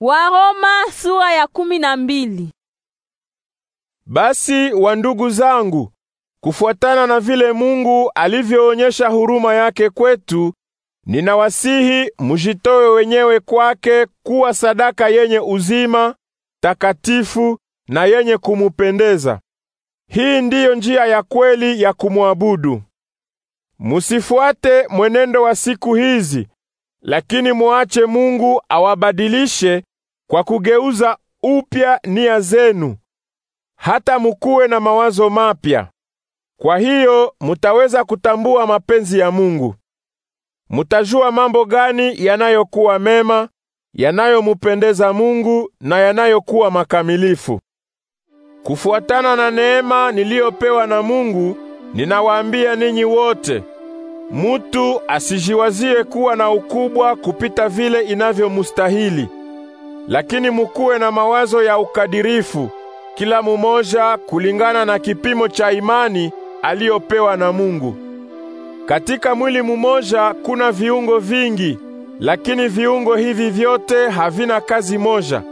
Waroma sura ya kumi na mbili. Basi wandugu zangu, kufuatana na vile Mungu alivyoonyesha huruma yake kwetu, ninawasihi mujitoe wenyewe kwake kuwa sadaka yenye uzima, takatifu na yenye kumupendeza. Hii ndiyo njia ya kweli ya kumwabudu. Musifuate mwenendo wa siku hizi lakini muache Mungu awabadilishe kwa kugeuza upya nia zenu, hata mukuwe na mawazo mapya. Kwa hiyo mutaweza kutambua mapenzi ya Mungu. Mutajua mambo gani yanayokuwa mema, yanayomupendeza Mungu na yanayokuwa makamilifu. Kufuatana na neema niliyopewa na Mungu, ninawaambia ninyi wote Mutu asijiwazie kuwa na ukubwa kupita vile inavyomustahili, lakini mukuwe na mawazo ya ukadirifu, kila mumoja kulingana na kipimo cha imani aliyopewa na Mungu. Katika mwili mumoja kuna viungo vingi, lakini viungo hivi vyote havina kazi moja.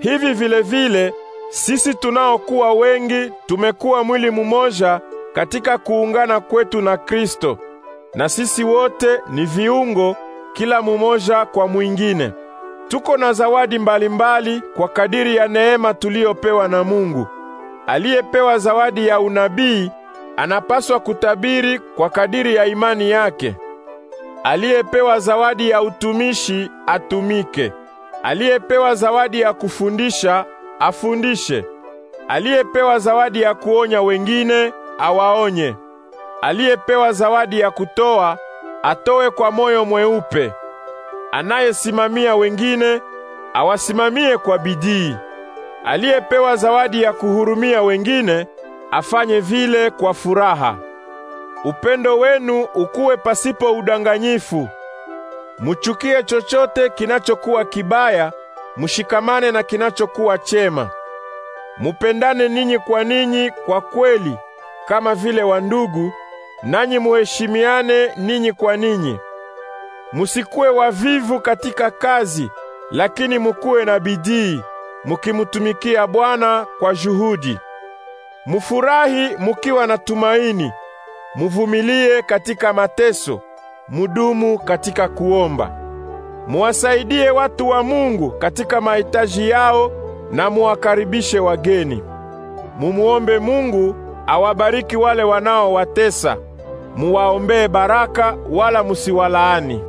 Hivi vile vile sisi tunaokuwa wengi tumekuwa mwili mumoja katika kuungana kwetu na Kristo na sisi wote ni viungo, kila mumoja kwa mwingine. Tuko na zawadi mbalimbali mbali kwa kadiri ya neema tuliyopewa na Mungu. Aliyepewa zawadi ya unabii anapaswa kutabiri kwa kadiri ya imani yake. Aliyepewa zawadi ya utumishi atumike. Aliyepewa zawadi ya kufundisha afundishe. Aliyepewa zawadi ya kuonya wengine awaonye aliyepewa zawadi ya kutoa atoe kwa moyo mweupe, anayesimamia wengine awasimamie kwa bidii, aliyepewa zawadi ya kuhurumia wengine afanye vile kwa furaha. Upendo wenu ukuwe pasipo udanganyifu. Muchukie chochote kinachokuwa kibaya, mushikamane na kinachokuwa chema. Mupendane ninyi kwa ninyi kwa kweli, kama vile wandugu, nanyi muheshimiane ninyi kwa ninyi. Musikuwe wavivu katika kazi, lakini mukuwe na bidii, mukimutumikia Bwana kwa juhudi. Mufurahi mukiwa na tumaini, muvumilie katika mateso, mudumu katika kuomba. Muwasaidie watu wa Mungu katika mahitaji yao na muwakaribishe wageni. Mumuombe Mungu awabariki wale wanaowatesa muwaombee baraka, wala musiwalaani.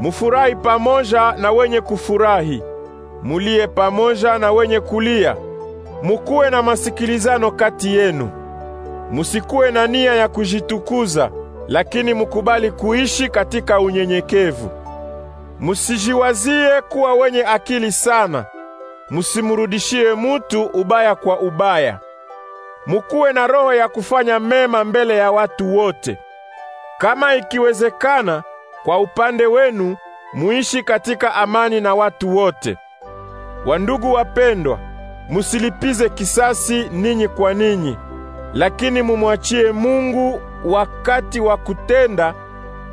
Mufurahi pamoja na wenye kufurahi, mulie pamoja na wenye kulia. Mukuwe na masikilizano kati yenu, musikuwe na nia ya kujitukuza, lakini mukubali kuishi katika unyenyekevu. Musijiwazie kuwa wenye akili sana, musimurudishie mutu ubaya kwa ubaya mukuwe na roho ya kufanya mema mbele ya watu wote. Kama ikiwezekana, kwa upande wenu muishi katika amani na watu wote. Wandugu wapendwa, musilipize kisasi ninyi kwa ninyi, lakini mumwachie Mungu wakati wa kutenda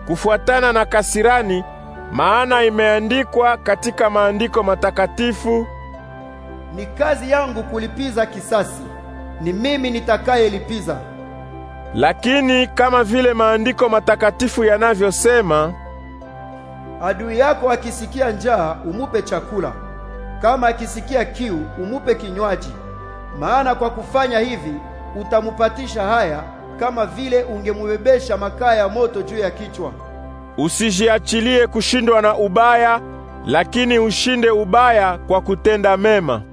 kufuatana na kasirani, maana imeandikwa katika maandiko matakatifu, ni kazi yangu kulipiza kisasi ni mimi nitakayelipiza. Lakini kama vile maandiko matakatifu yanavyosema, adui yako akisikia njaa umupe chakula, kama akisikia kiu umupe kinywaji, maana kwa kufanya hivi utamupatisha haya, kama vile ungemubebesha makaa ya moto juu ya kichwa. Usijiachilie kushindwa na ubaya, lakini ushinde ubaya kwa kutenda mema.